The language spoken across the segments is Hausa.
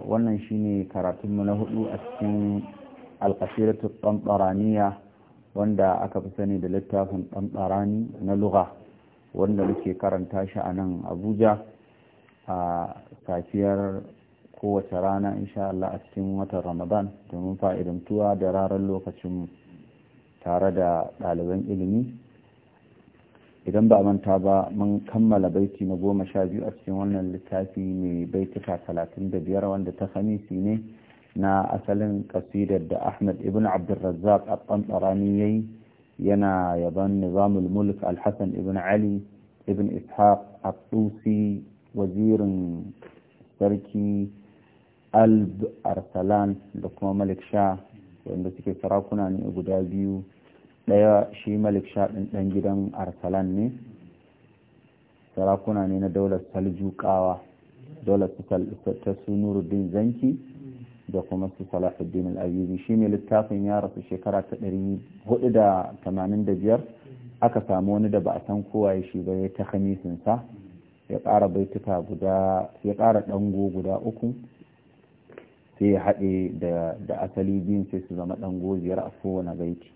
wannan shi shine mu na hudu a cikin ta ɗanɗaraniya wanda aka fi sani da littafin ɗanɗarani na lugha wanda muke karanta shi a nan abuja a safiyar kowace rana insha Allah a cikin watan ramadan domin fa'idantuwa da ranar lokacin tare da ɗaliban ilimi idan ba manta ba mun kammala baiti na goma sha biyu a cikin wannan littafi mai baituka talatin da biyar wanda ta hamisi ne na asalin kasidar da ahmad ibn abdulrazzaq a ɓanɓarani ya yi yana yaban nizamul mulk alhassan ibn ali ibn ishaq a tusi wazirin sarki alb arsalan da kuma malik sha wanda suke sarakuna ne guda biyu ɗaya shi malik shaɗin ɗan gidan arsalan ne sarakuna ne na daular saljukawa daular ta su zanki da kuma su salahuddin al'ayyubi shi ne littafin ya rasu shekara ta 485 aka samu wani da ba a san kowa shi ba ya ta hamisinsa ya ƙara baituka guda ya ƙara ɗango guda uku sai ya haɗe da asali biyun sai su zama ɗango biyar a kowane baiti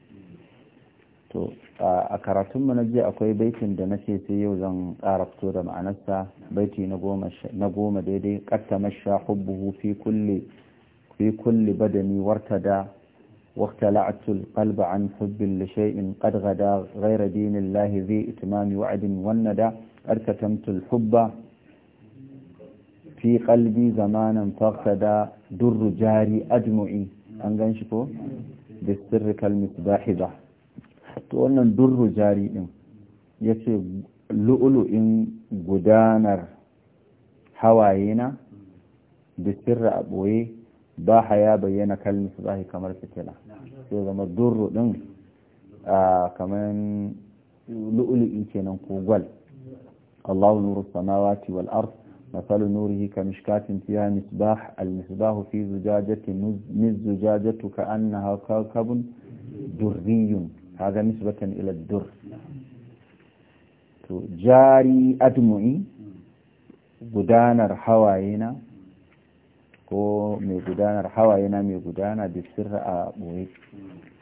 to a karatunmu na ji akwai baitin da na nace sai yau zan karafto da ma'anarsa baiti na goma daidai ƙatta masha hubbuhu fi kulle badani warta waqta la'atul qalba an hubbin da shay'in qad gada ghaira dinin lahi zai itimami wa'adin wannan da ƙarkatamtul hubba fi qalbi zamanan fakta duru jari ajmu'i an gan shi ko to wannan durru jari din ya ce lu'ulu'in gudanar hawaye na da sirra a ɓoye ba haya bayyana kalmi su zahi kamar fitila sai zama durru din kamar lu'ulu'i kenan ko gwal Allahu nuru samawati wal ars مثل نوره كمشكاة فيها مصباح المصباح في زجاجة من الزجاجة كأنها كوكب دري هذا نسبة إلى الدر جاري أدمعي gudanar hawayena ko mai gudanar hawayena mai gudana da sirra a ɓoye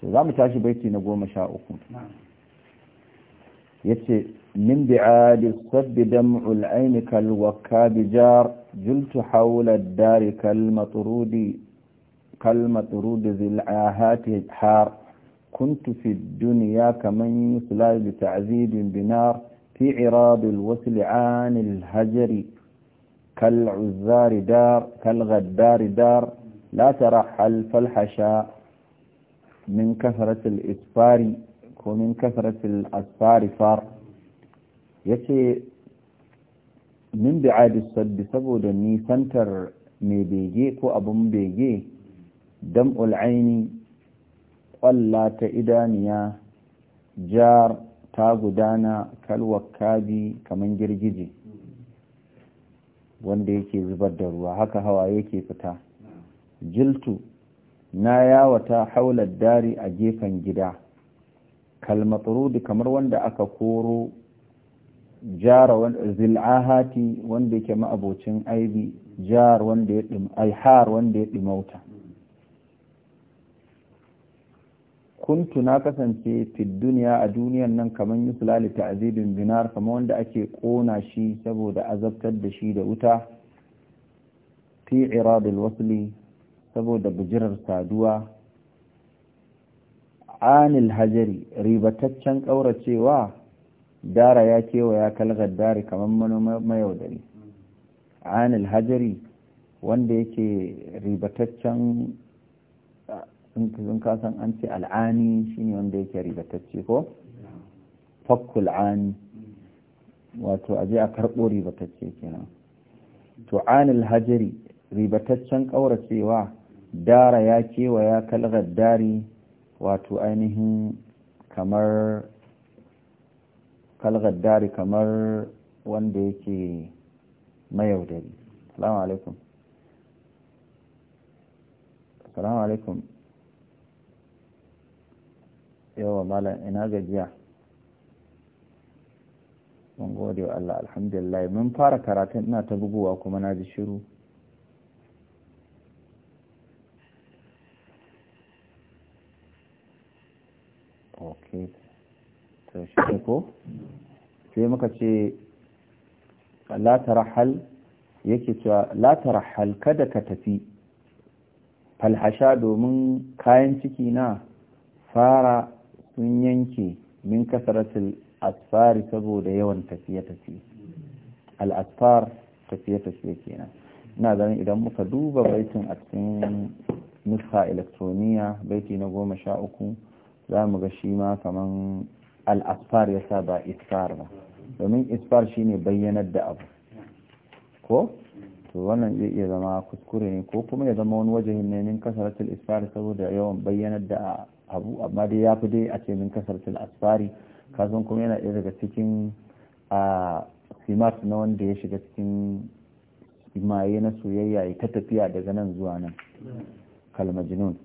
to za mu tashi baiti na goma sha uku ya ce min bi'adi sabbi dam'ul aini kal wakabi jar jultu haula dari kal maturudi kal maturudi zil ahati har كنت في الدنيا كمن يسلى بتعذيب بنار في عراض الوسل عن الهجر كالعزار دار كالغدار دار لا ترحل فالحشاء من كثرة الإسفار ومن كثرة الأسفار فار يتي من بعاد السد سبود سنتر مي بيجي كو أبو بيجي دمء العين tsalla ta idaniya jar ta gudana kalwakabi kamar girgije wanda yake zubar da ruwa haka hawa yake fita jiltu na yawata haular dari a gefen gida kalmatsurudi kamar wanda aka koro jara zil'ahati wanda yake ma'abocin aibi jar wanda ya wanda ya dimauta kuntu na kasance fi duniya a duniyan nan kamar yusla li ta'azibin binar kama wanda ake kona shi saboda azabtar da shi da wuta fi iradil wasli saboda bijirar saduwa anil hajari ribataccen ƙauracewa dara ya kewaya kalgar dari kamar manoma mayaudari anil hajari wanda yake ribataccen sun kasan an ce al'ani shine wanda yake ribatacce ko fakkul ani wato aje a karɓo ribatacce kenan to anil hajari ribataccen ƙauracewa dara ya kewa ya kalgar dari wato ainihin kamar kalgar dari kamar wanda yake mayaudari salamu alaikum salamu alaikum yawa malam ina gajiya mun gode wa Allah alhamdulillah mun fara karatun ina ta buguwa kuma na ji shiru ok to shi ko sai muka ce la tarahal yake cewa la tarahal kada ka tafi falhasha domin kayan ciki na fara sun yanke min kasaratul asfari saboda yawan tafiye-tafiye al'asfar tafiye-tafiye kenan ina ganin idan muka duba baitin a cikin nuska elektroniya baiti na goma sha uku za mu ga shi ma kaman al'asfar ya sa ba isfar ba domin isfar shine bayyanar da abu ko to wannan zai iya zama kuskure ne ko kuma ya zama wani wajahin ne min kasaratul isfari saboda yawan bayyanar da abu amma dai ya fi dai a ce min kasaratul asfari kasan kuma yana iya daga cikin a simat na wanda ya shiga cikin maye na soyayya ya ta tafiya daga nan zuwa nan kalmajinun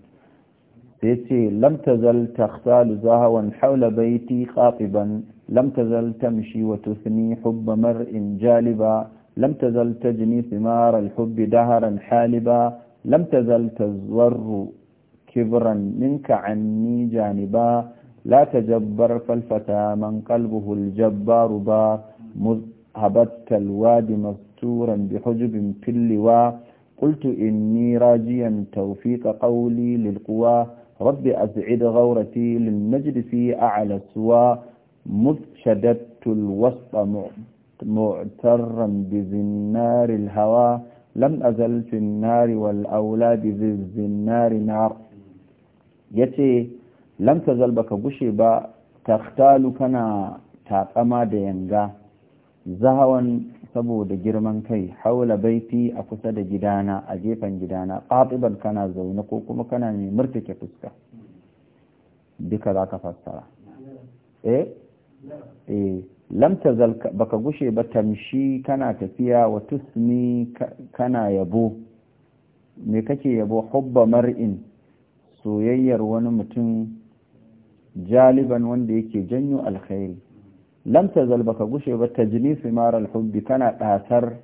sai ce lamtazal takhtalu zahawan haula baiti qatiban lam tamshi wa tusni hubba mar'in jaliba لم تزل تجني ثمار الحب دهرا حالبا لم تزل تزور كبرا منك عني جانبا لا تجبر فالفتى من قلبه الجبار بار مذ هبتك الوادي مستورا بحجب في اللواء قلت إني راجيا توفيق قولي للقوى رب أسعد غورتي للمجد في أعلى سوى مذ شددت الوسط معترا بزنار الهوى لم أزل في النار والأولاد ذي الزنار نار يتي لم تزل بك قشبا تختال كنا تاقما دينغا زهوا saboda girman kai haula baiti a kusa da gidana a gefen gidana ƙaɗiban kana zaune ko kuma kana mai murtake fuska duka za ka fassara eh eh lam baka gushe ba tamshi kana tafiya wa tusmi kana yabo me kake yabo hubba mar'in soyayyar wani mutum jaliban wanda yake janyo alkhairi lam zal baka gushe ba tajni simar hubbi kana ɗatar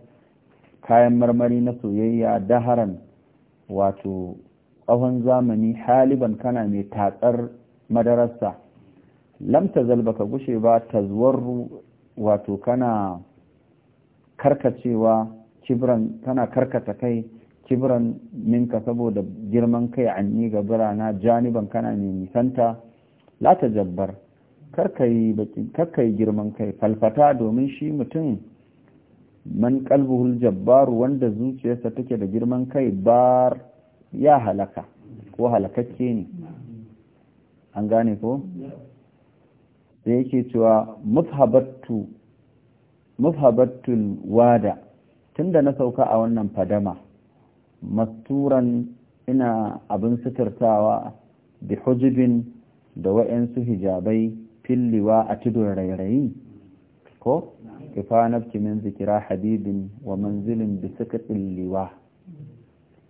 kayan marmari na soyayya daharan wato tsawon zamani haliban kana mai tatsar madarasa. lam tazal baka gushe ba tazwarru wato kana karkacewa kibran kana karkata kai kibran ninka saboda girman kai anyi ga birana janiban kana ne nisanta la ta jabbar karkai girman kai falfata domin shi mutum man kalbuhul jabbaru wanda zuciyarsa take da girman kai bar ya halaka ko halakakke ne an gane ko da yake cewa mufhabattu wada tunda na sauka a wannan fadama masturan ina abin suturtawa bi hujubin da wa'yansu hijabai filliwa a tudun rairayi ko kifa nafki min zikira habibin wa manzilin da suka tsilliwa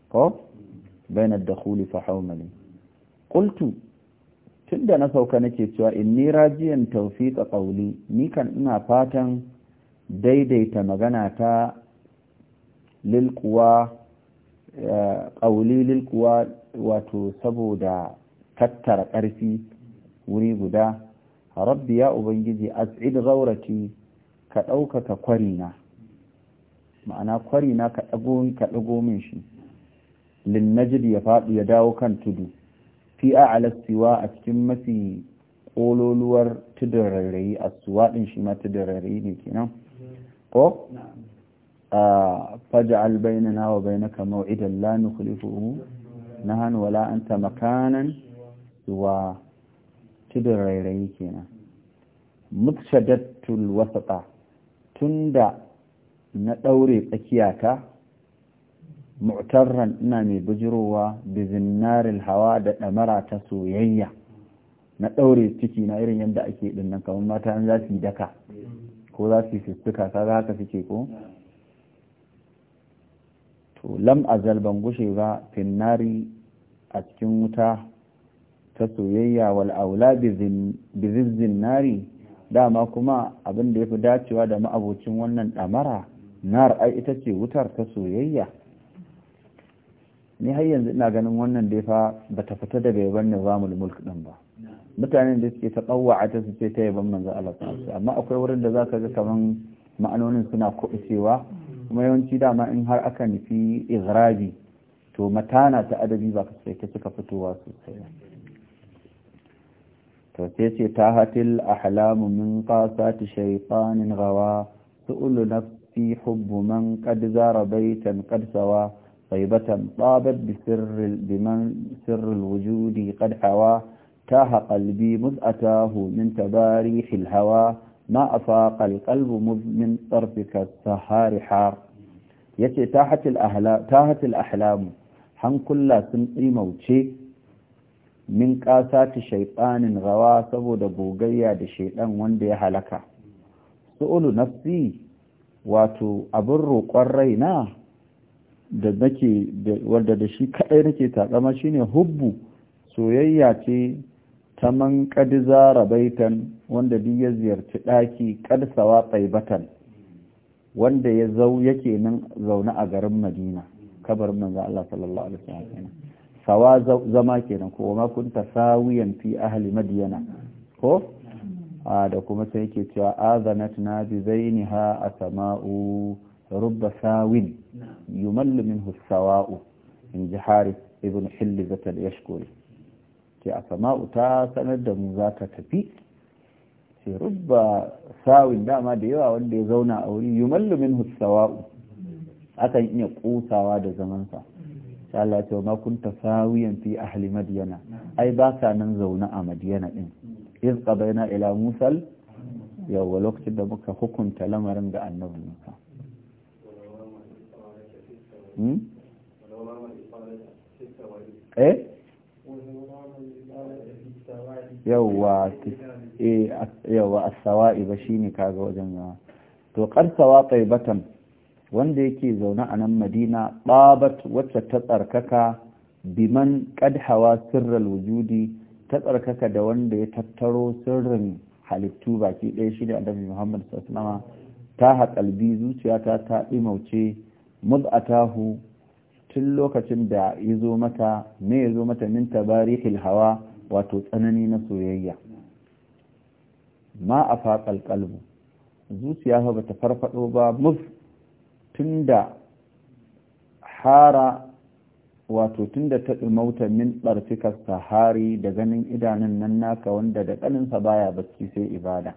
ko bainar da huli fa haumali ƙultu tun da na sauka nake cewa ni rajiyan tawfiqa qawli ni kan ina fatan daidaita magana ta eh, lil quwa wato saboda tattara ƙarfi wuri guda rabbi ya ubangiji az'id ghaurati ka ɗaukaka kwarina ma'ana kwarina ka ɗago min shi lin najid ya faɗi ya dawo kan tudu fi a'la siwa a cikin mafi kololuwar tudun a suwa din shi ma tudun rairayi ne kenan ko Faja albaina na wa bainaka idan la na hannu wala la'anta makanan suwa tudun rairayi kenan mutshaddatul wasata tunda na ɗaure tsakiyata mu'tarran ina mai bujirowa da zinarin hawa da ɗamara ta soyayya na ɗaure ciki na irin yadda ake ɗin nan kamar mata an za su yi daka ko za su yi fistuka ga haka suke ko to lam azal ban gushe ba finnari a cikin wuta ta soyayya wal aula bizizzin nari dama kuma abinda ya fi dacewa da ma'abocin wannan ɗamara nar ai ita ce wutar ta soyayya ni har yanzu ina ganin wannan dai fa ba ta fita daga yaban zamul mulk din ba mutanen da suke ta ta su ce ta yaban manzo Allah ta amma akwai wurin da zaka ga kaman ma'anonin suna kubucewa kuma yawanci dama in har aka nufi izrabi to matana ta adabi ba sai ta suka fitowa sosai to sai ce ta hatil ahlamu min qasati shaytanin gawa su'ulu nafsi hubbu man qad zara baytan qad sawa طيبة طابت بسر بمن سر الوجود قد حوى تاه قلبي مذ أتاه من تباريح الهوى ما أفاق القلب مذ من طرفك السهار حار يتي تاهت الأحلام تاهت الأحلام حن كل سنقي موتشي من كاسات شيطان غوا سبود بوغيا دي شيطان وندي حلكا سؤال نفسي واتو أبرو قرينا da nake wanda da shi kadai nake takama shine hubbu soyayya ce ta man qad zara baitan wanda duk ya ziyarci daki kad sawa taibatan wanda ya zau yake nan zaune a garin Madina kabarin manzo Allah sallallahu alaihi wasallam sawa zama kenan ko ma kunta sawiyan fi ahli Madina ko da kuma sai yake cewa azanat na bi zainiha rubba sawin yumallu minhu sawa'u in ji harith ibn hillizata da yashkuri ke a sama'u ta sanar da mu za ta tafi ce rubba sawin dama da yawa wanda ya zauna a wuri yumallu minhu sawa'u akan iya kusawa da zamansa sha Allah ce ma kunta sawiyan fi ahli madyana ai ba ka nan zaune a madyana din iz qabaina ila musal Yau yawa lokacin da muka hukunta lamarin da annabi Hmm? eh yawwa eh yawwa as-sawa'i ba shine kaga wajen ya to qarsawa batan, wanda yake zaune a nan Madina babat wacce ta tsarkaka biman ƙadhawa hawa sirral wujudi ta tsarkaka da wanda ya tattaro sirrin halittu baki ɗaya shi ne annabi Muhammad sallallahu alaihi wasallam ta haƙalbi zuciyata ta ɗimauce mud'atahu tun lokacin da ya zo mata ne ya zo mata min tabarihil hawa wato tsanani na soyayya ma a kalqalbu zuciya ba ta farfado ba muf tun hara wato tun ta ɗumauta min barfikar sahari da ganin idanun nan naka wanda da ƙaninsa baya bacci sai ibada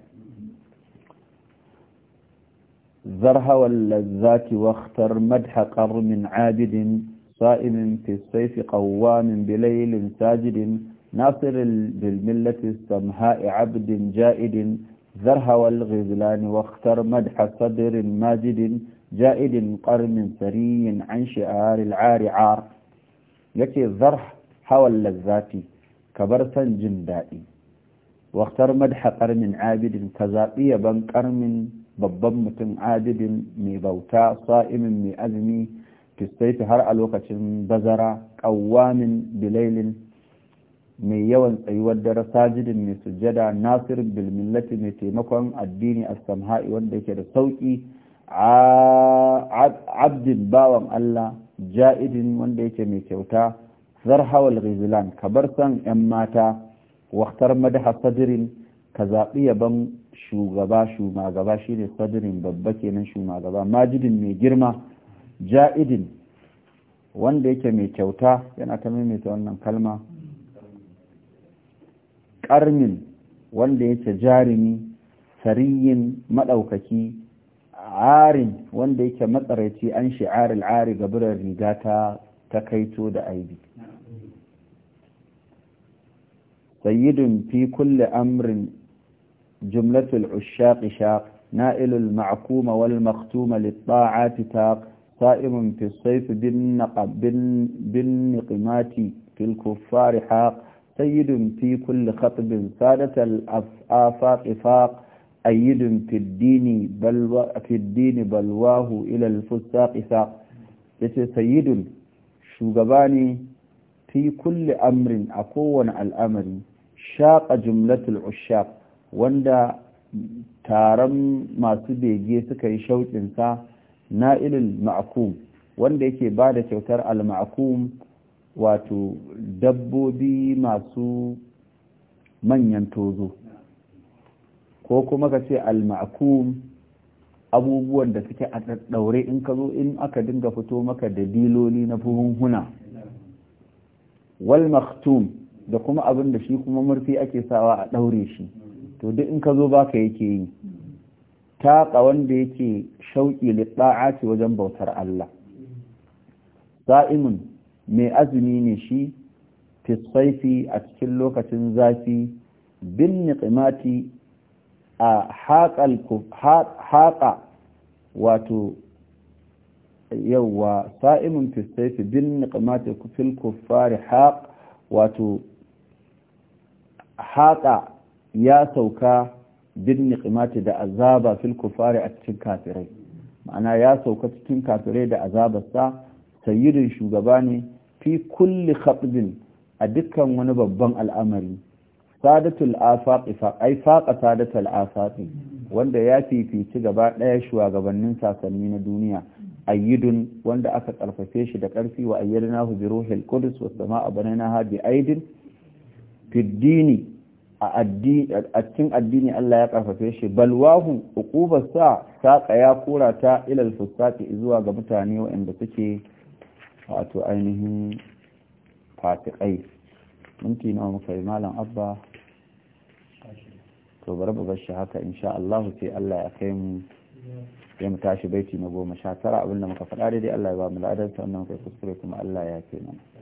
ذرها واللذات واختر مدح قر من عابد صائم في السيف قوام بليل ساجد ناصر بالملة السمهاء عبد جائد ذرها والغزلان واختر مدح صدر ماجد جائد قرن سري عن شعار العار عار يكي الذرح حوى اللذات كبرسا جندائي واختر مدح قرم عابد كزابية بن قرم babban mutum abidin mai bauta sa'imin mai azumi kistaita har a lokacin bazara ƙawamin bilailin mai yawan tsayuwar dare sajidin mai sujjada nasir bilmillati mai taimakon addini as-samha'i wanda yake da sauƙi abdin bawan allah ja'idin wanda yake mai kyauta zarhawal ghizlan kabar san 'yan mata waktar madaha sadirin ka zaɓi yaban shugaba shumagaba shi ne sadirin babba kenan shumagaba majidin mai girma ja'idin wanda yake mai kyauta yana ta maimaita wannan kalma ƙarmin wanda yake jarumi sariyin maɗaukaki arin wanda yake matsaraici an shi'aril ari gaburar riga ta kaito da aibi sayyidun fi kulle amrin جملة العشاق شاق نائل المعكوم والمختوم للطاعات تاق صائم في الصيف بالنقمات في الكفار حاق سيد في كل خطب سادة الآفاق فاق أيد في الدين بل في الدين بلواه إلى الفساق ساق سيد شوقباني في كل أمر أقوى على الأمر شاق جملة العشاق wanda taron masu bege suka yi shauƙinsa na'ilul ma'akum wanda yake ba da kyautar al-ma'akum wato dabbobi masu manyan tozo ko kuma ka ce al-ma'akum abubuwan da suke a ɗaɗɗaure in ka zo in aka dinga fito maka da diloli na buhunhuna wal maktum da kuma abin da shi kuma murfi ake sawa a ɗaure shi to duk in ka zo baka yake yi taƙa wanda yake shauƙi liɗa'aci wajen bautar Allah sa'imun mai azumi ne shi fisaifi a cikin lokacin zafi bin niƙimati a haƙa wato yauwa sa'imun fisaifi bin niƙimati fil kuffari haƙ wato haƙa ya sauka bin niqimati da azaba fil kufari a cikin kafirai ma'ana ya sauka cikin kafirai da azabarsa sayyidin shugaba ne fi kulli khatbin a dukkan wani babban al'amari sadatul afaqi ai faqa sadatul afaqi wanda ya fifici gaba daya shugabannin sasanni na duniya ayyidun wanda aka karfafe shi da karfi wa ayyadnahu bi ruhil qudus was samaa banaynaha bi aidin fi dini a cikin addini Allah ya karfafe shi balwahu sa, saƙa ya kora ta ilal fusati zuwa ga mutane waɗanda suke wato ainihin Fatiƙai. minti nawa muka yi malam abba to bari mu bar shi haka insha Allah sai Allah ya kai mu ya mu tashi baiti na goma sha tara abinda muka faɗa daidai Allah ya ba mu ladan wannan kai kuskure kuma Allah ya kai mana